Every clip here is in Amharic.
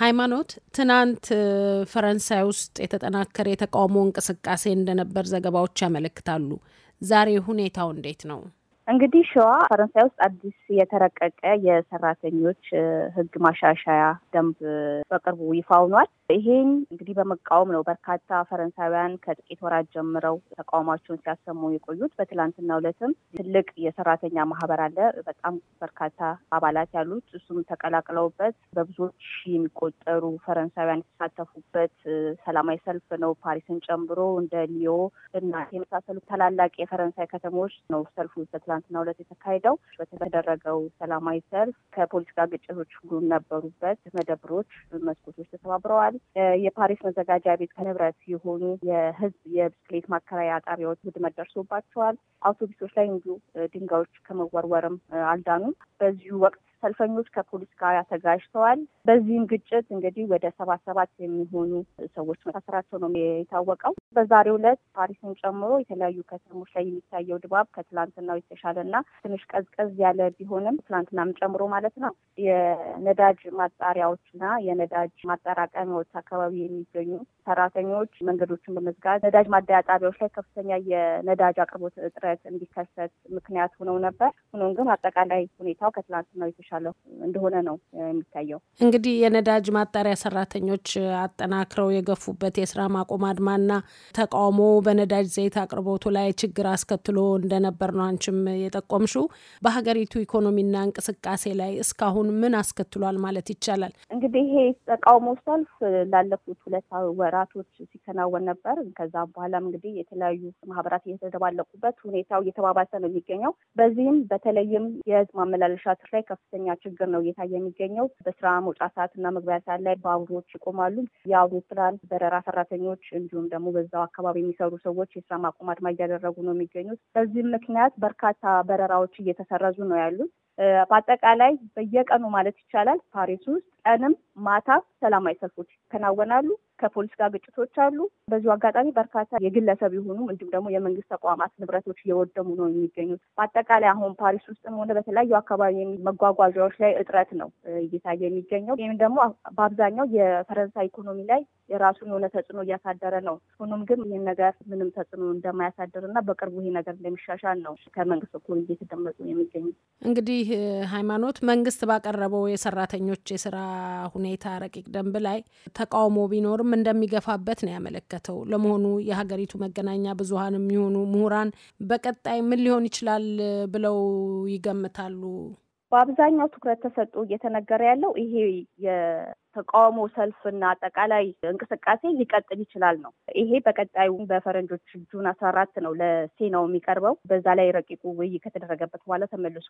ሃይማኖት፣ ትናንት ፈረንሳይ ውስጥ የተጠናከረ የተቃውሞ እንቅስቃሴ እንደነበር ዘገባዎች ያመለክታሉ። ዛሬ ሁኔታው እንዴት ነው? እንግዲህ ሸዋ ፈረንሳይ ውስጥ አዲስ የተረቀቀ የሰራተኞች ሕግ ማሻሻያ ደንብ በቅርቡ ይፋ ሆኗል። ይሄን እንግዲህ በመቃወም ነው በርካታ ፈረንሳውያን ከጥቂት ወራት ጀምረው ተቃውሟቸውን ሲያሰሙ የቆዩት። በትላንትናው ዕለትም ትልቅ የሰራተኛ ማህበር አለ፣ በጣም በርካታ አባላት ያሉት እሱም ተቀላቅለውበት በብዙዎች የሚቆጠሩ ፈረንሳውያን የተሳተፉበት ሰላማዊ ሰልፍ ነው። ፓሪስን ጨምሮ እንደ ሊዮ እና የመሳሰሉ ታላላቅ የፈረንሳይ ከተሞች ነው ሰልፉ በትላንትናው ዕለት የተካሄደው። በተደረገው ሰላማዊ ሰልፍ ከፖለቲካ ግጭቶች ሁሉ ነበሩበት። መደብሮች፣ መስኮቶች ተሰባብረዋል። የፓሪስ መዘጋጃ ቤት ከንብረት የሆኑ የህዝብ የብስክሌት ማከራያ ጣቢያዎች ውድመት ደርሶባቸዋል። አውቶቡሶች ላይ እንዲሁ ድንጋዮች ከመወርወርም አልዳኑም። በዚሁ ወቅት ሰልፈኞች ከፖሊስ ጋር ተጋጅተዋል። በዚህም ግጭት እንግዲህ ወደ ሰባት ሰባት የሚሆኑ ሰዎች መታሰራቸው ነው የታወቀው። በዛሬው ዕለት ፓሪስን ጨምሮ የተለያዩ ከተሞች ላይ የሚታየው ድባብ ከትላንትናው የተሻለና ትንሽ ቀዝቀዝ ያለ ቢሆንም ትላንትናም ጨምሮ ማለት ነው የነዳጅ ማጣሪያዎችና የነዳጅ ማጠራቀሚያዎች አካባቢ የሚገኙ ሰራተኞች መንገዶችን በመዝጋት ነዳጅ ማደያ ጣቢያዎች ላይ ከፍተኛ የነዳጅ አቅርቦት እጥረት እንዲከሰት ምክንያት ሆነው ነበር። ሆኖም ግን አጠቃላይ ሁኔታው ከትላንትናው የተሻለ የተሻሻለው እንደሆነ ነው የሚታየው። እንግዲህ የነዳጅ ማጣሪያ ሰራተኞች አጠናክረው የገፉበት የስራ ማቆም አድማና ተቃውሞ በነዳጅ ዘይት አቅርቦቱ ላይ ችግር አስከትሎ እንደነበር ነው አንቺም የጠቆምሽው። በሀገሪቱ ኢኮኖሚና እንቅስቃሴ ላይ እስካሁን ምን አስከትሏል ማለት ይቻላል? እንግዲህ ይሄ ተቃውሞ ሰልፍ ላለፉት ሁለት ወራቶች ሲከናወን ነበር። ከዛም በኋላም እንግዲህ የተለያዩ ማህበራት እየተደባለቁበት ሁኔታው እየተባባሰ ነው የሚገኘው። በዚህም በተለይም የህዝብ ማመላለሻ ላይ ከፍተኛ ከፍተኛ ችግር ነው እየታየ የሚገኘው። በስራ መውጫ ሰዓትና መግቢያ ሰዓት ላይ ባቡሮች ይቆማሉ። የአውሮፕላን በረራ ሰራተኞች እንዲሁም ደግሞ በዛው አካባቢ የሚሰሩ ሰዎች የስራ ማቆም አድማ እያደረጉ ነው የሚገኙት። በዚህም ምክንያት በርካታ በረራዎች እየተሰረዙ ነው ያሉት። በአጠቃላይ በየቀኑ ማለት ይቻላል ፓሪስ ውስጥ ቀንም ማታ ሰላማዊ ሰልፎች ይከናወናሉ። ከፖሊስ ጋር ግጭቶች አሉ። በዚሁ አጋጣሚ በርካታ የግለሰብ የሆኑ እንዲሁም ደግሞ የመንግስት ተቋማት ንብረቶች እየወደሙ ነው የሚገኙት። በአጠቃላይ አሁን ፓሪስ ውስጥም ሆነ በተለያዩ አካባቢ መጓጓዣዎች ላይ እጥረት ነው እየታየ የሚገኘው። ይህም ደግሞ በአብዛኛው የፈረንሳይ ኢኮኖሚ ላይ የራሱን የሆነ ተጽዕኖ እያሳደረ ነው። ሆኖም ግን ይህን ነገር ምንም ተጽዕኖ እንደማያሳደር እና በቅርቡ ይሄ ነገር እንደሚሻሻል ነው ከመንግስት እኮ እየተደመጡ የሚገኙ። እንግዲህ ሃይማኖት መንግስት ባቀረበው የሰራተኞች የስራ ሁኔታ ረቂቅ ደንብ ላይ ተቃውሞ ቢኖርም እንደሚገፋበት ነው ያመለከተው። ለመሆኑ የሀገሪቱ መገናኛ ብዙኃን የሚሆኑ ምሁራን በቀጣይ ምን ሊሆን ይችላል ብለው ይገምታሉ? በአብዛኛው ትኩረት ተሰጥቶ እየተነገረ ያለው ይሄ ተቃውሞ ሰልፍና አጠቃላይ እንቅስቃሴ ሊቀጥል ይችላል ነው። ይሄ በቀጣዩ በፈረንጆች ጁን አስራ አራት ነው ለሴናው የሚቀርበው። በዛ ላይ ረቂቁ ውይይት ከተደረገበት በኋላ ተመልሶ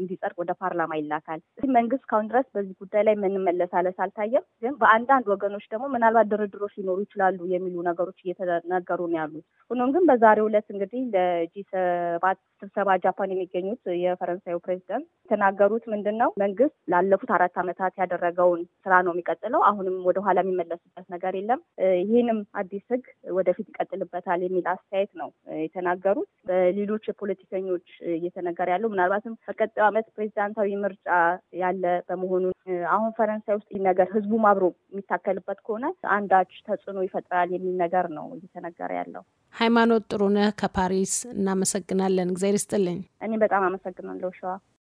እንዲጸድቅ ወደ ፓርላማ ይላካል። መንግስት እስካሁን ድረስ በዚህ ጉዳይ ላይ ምን መለሳለስ አልታየም። ግን በአንዳንድ ወገኖች ደግሞ ምናልባት ድርድሮች ሊኖሩ ይችላሉ የሚሉ ነገሮች እየተነገሩ ነው ያሉት። ሆኖም ግን በዛሬው ዕለት እንግዲህ ለጂ ሰባት ስብሰባ ጃፓን የሚገኙት የፈረንሳዩ ፕሬዚደንት የተናገሩት ምንድን ነው መንግስት ላለፉት አራት ዓመታት ያደረገውን ስራ ነው የሚቀጥለው። አሁንም ወደኋላ የሚመለሱበት ነገር የለም። ይህንም አዲስ ህግ ወደፊት ይቀጥልበታል የሚል አስተያየት ነው የተናገሩት። በሌሎች የፖለቲከኞች እየተነገረ ያለው ምናልባትም በቀጣዩ ዓመት ፕሬዚዳንታዊ ምርጫ ያለ በመሆኑ አሁን ፈረንሳይ ውስጥ ይህ ነገር ህዝቡም አብሮ የሚታከልበት ከሆነ አንዳች ተጽዕኖ ይፈጥራል የሚል ነገር ነው እየተነገረ ያለው። ሃይማኖት ጥሩነህ ከፓሪስ እናመሰግናለን። እግዚአብሔር ይስጥልኝ። እኔ በጣም አመሰግናለሁ ሸዋ